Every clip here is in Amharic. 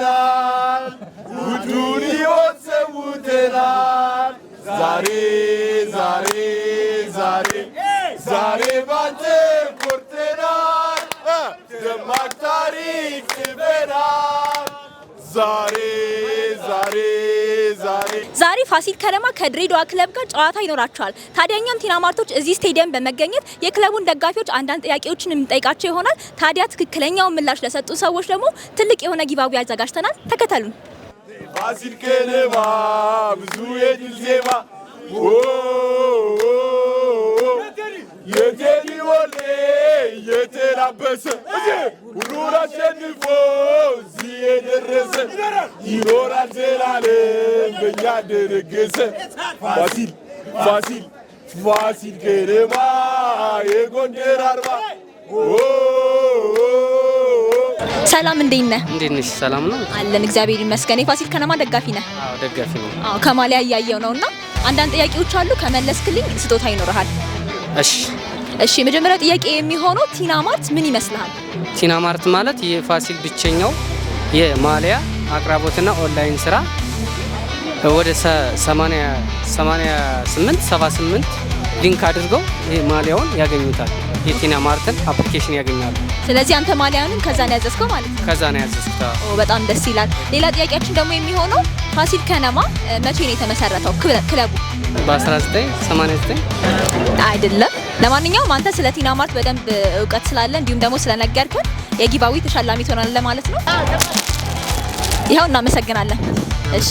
না ፋሲል ከነማ ከድሬዳዋ ክለብ ጋር ጨዋታ ይኖራቸዋል። ታዲያ እኛም ቲናማርቶች እዚህ ስቴዲየም በመገኘት የክለቡን ደጋፊዎች አንዳንድ ጥያቄዎችን የምንጠይቃቸው ይሆናል። ታዲያ ትክክለኛውን ምላሽ ለሰጡ ሰዎች ደግሞ ትልቅ የሆነ ጊባዊ አዘጋጅተናል። ተከተሉን። ፋሲል ከነማ ብዙ የድል ዜማ የቴዲ ወሌ እየተላበሰ ሁሉን አሸንፎ ይኖራል ዘላለም በእኛ ደነገሰ ፋሲል ፋሲል ፋሲል ከነማ የጎንደር አርባ ሰላም እንዴት ነህ? እንዴት ነሽ? ሰላም ነው አለን። እግዚአብሔር ይመስገን። የፋሲል ከነማ ደጋፊ ነህ? አዎ ደጋፊ ነው። አዎ ከማሊያ እያየው ነውና አንዳንድ ጥያቄዎች አሉ። ከመለስክልኝ ስጦታ ይኖርሃል። እሺ እሺ። የመጀመሪያው ጥያቄ የሚሆነው ቲና ማርት ምን ይመስልሃል? ቲና ማርት ማለት የፋሲል ብቸኛው የማሊያ አቅራቦትና ኦንላይን ስራ ወደ 88 78 ሊንክ አድርገው ማሊያውን ያገኙታል። የቴና ማርትን አፕሊኬሽን ያገኛሉ። ስለዚህ አንተ ማሊያውንም ከዛ ነው ያዘዝከው ማለት ነው? ከዛ ነው ያዘዝከው። በጣም ደስ ይላል። ሌላ ጥያቄያችን ደግሞ የሚሆነው ፋሲል ከነማ መቼ ነው የተመሰረተው ክለቡ? በ1989 አይደለም። ለማንኛውም አንተ ስለ ቲና ማርት በደንብ እውቀት ስላለ እንዲሁም ደግሞ ስለነገርከን የጊባዊ ተሸላሚ ትሆናለህ ማለት ነው። ይኸው እናመሰግናለን። እሺ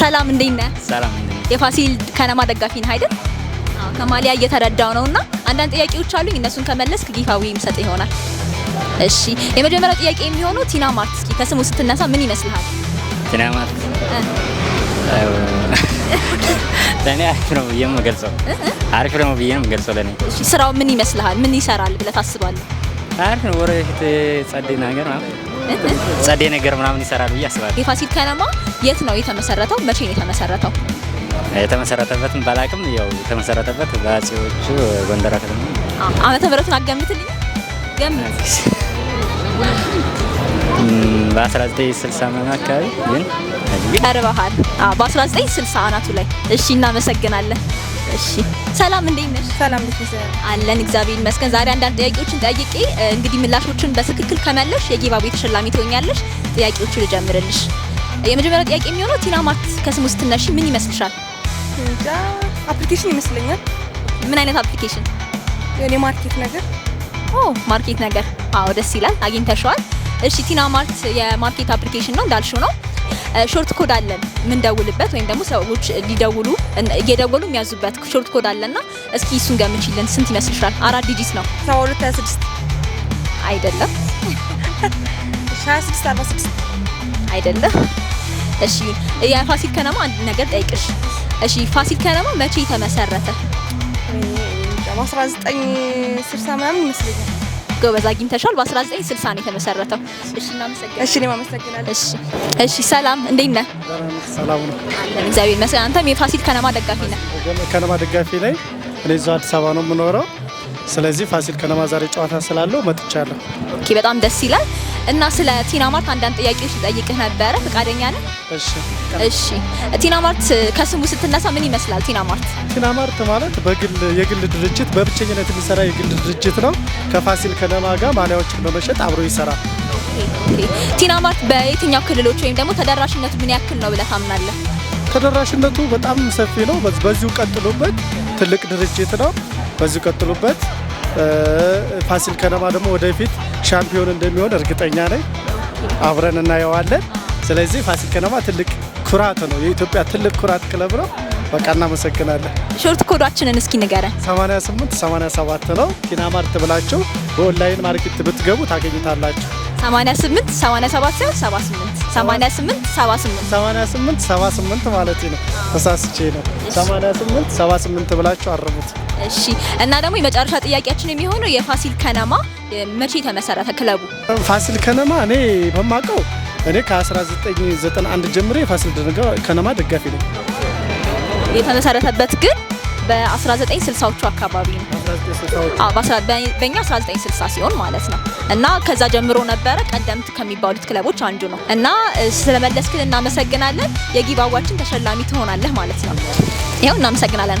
ሰላም፣ እንዴት ነህ? ሰላም። የፋሲል ከነማ ደጋፊ ነህ አይደል? ከማሊያ እየተረዳው ነውና አንዳንድ ጥያቄዎች አሉኝ። እነሱን ከመለስክ ጊፋዊ ምሰጥ ይሆናል። እሺ የመጀመሪያው ጥያቄ የሚሆነው ቲና ማርክስኪ ከስሙ ስትነሳ ምን ይመስልሃል? ቲና ማርክስ ለእኔ አሪፍ ነው ብዬ ነው የምገልጸው። አሪፍ ነው ብዬ ነው የምገልጸው ለእኔ። ስራው ምን ይመስልሃል? ምን ይሰራል ብለህ ታስባለህ? አሪፍ ነው። ወደፊት ጸዴ ነገር ማለት ጸዴ ነገር ምናምን ይሰራል ብዬ አስባለሁ። የፋሲል ከነማ የት ነው የተመሰረተው? መቼ ነው የተመሰረተው? የተመሰረተበትን ባላቅም ያው የተመሰረተበት በአፄዎቹ ጎንደር ከተማ ዓመተ ምሕረቱን አገምትልኝ። ገምት በ1960 አካባቢ ግን ቀርበሃል። በ1960 አናቱ ላይ እሺ፣ እናመሰግናለን። እሺ ሰላም፣ እንዴት ነሽ? ሰላም አለን፣ እግዚአብሔር ይመስገን። ዛሬ አንዳንድ ጥያቄዎችን ጠይቄ እንግዲህ ምላሾችን በትክክል ከመለሽ ቤት ተሸላሚ ትሆኛለሽ። ጥያቄዎቹ ልጀምርልሽ። የመጀመሪያው ጥያቄ የሚሆነው ቲና ማርት ከስሙ ስትነሺ ምን ይመስልሻል? አፕሊኬሽን ይመስለኛል። ምን አይነት አፕሊኬሽን? የኔ ማርኬት ነገር። ኦ ማርኬት ነገር። አዎ ደስ ይላል። አግኝተሽዋል። እሺ ቲና ማርት የማርኬት አፕሊኬሽን ነው እንዳልሽው ነው ሾርት ኮድ አለን የምንደውልበት ወይም ደግሞ ሰዎች ሊደውሉ እየደወሉ የሚያዙበት ሾርት ኮድ አለና እስኪ እሱን ገምችልን። ስንት ይመስልሻል? አራት ዲጂት ነው። 7226 አይደለም። 2646 አይደለም። እሺ የፋሲል ከነማ አንድ ነገር ጠይቅሽ። እሺ ፋሲል ከነማ መቼ ተመሰረተ? 1960 ምናምን ይመስለኛል ጎበዝ አግኝተሻል። በ1960 ነው የተመሰረተው። እሺ እናመሰግናለን። እሺ ሰላም እንዴት ነህ? ሰላም ነው እግዚአብሔር ይመስገን። አንተም የፋሲል ከነማ ደጋፊ ነህ? ከነማ ደጋፊ ላይ እኔ እዛው አዲስ አበባ ነው የምኖረው። ስለዚህ ፋሲል ከነማ ዛሬ ጨዋታ ስላለው መጥቻለሁ። ኦኬ፣ በጣም ደስ ይላል። እና ስለ ቲና ማርት አንዳንድ ጥያቄዎች ልጠይቅህ ነበረ፣ ፈቃደኛ ነህ? እሺ እሺ። ቲና ማርት ከስሙ ስትነሳ ምን ይመስላል? ቲና ማርት ቲና ማርት ማለት በግል የግል ድርጅት በብቸኝነት የሚሰራ የግል ድርጅት ነው። ከፋሲል ከነማ ጋር ማሊያዎችን በመሸጥ አብሮ ይሰራል። ቲና ማርት በየትኛው ክልሎች ወይም ደግሞ ተደራሽነቱ ምን ያክል ነው ብለህ ታምናለህ? ተደራሽነቱ በጣም ሰፊ ነው። በዚሁ ቀጥሉበት። ትልቅ ድርጅት ነው። በዚሁ ቀጥሉበት። ፋሲል ከነማ ደግሞ ወደፊት ሻምፒዮን እንደሚሆን እርግጠኛ ነኝ። አብረን እናየዋለን። ስለዚህ ፋሲል ከነማ ትልቅ ኩራት ነው፣ የኢትዮጵያ ትልቅ ኩራት ክለብ ነው። በቃ እናመሰግናለን። ሾርት ኮዳችንን እስኪ ንገረን። 88 87 ነው። ኪናማርት ብላችሁ በኦንላይን ማርኬት ብትገቡ ታገኙታላችሁ። 88 87 ሳይሆን 78 88 78 88 78 ማለት ነው። ተሳስቼ ነው። 88 78 ብላችሁ አርሙት። እሺ እና ደግሞ የመጨረሻ ጥያቄያችን የሚሆነው የፋሲል ከነማ መቼ ተመሰረተ ክለቡ? ፋሲል ከነማ እኔ በማውቀው እኔ ከ1991 ጀምሬ የፋሲል ከነማ ደጋፊ ነው። የተመሰረተበት ግን በ1960ዎቹ አካባቢ ነው። በእኛ 1960 ሲሆን ማለት ነው። እና ከዛ ጀምሮ ነበረ ቀደምት ከሚባሉት ክለቦች አንዱ ነው። እና ስለመለስክን እናመሰግናለን። የጊባዋችን ተሸላሚ ትሆናለህ ማለት ነው። ይኸው እናመሰግናለን።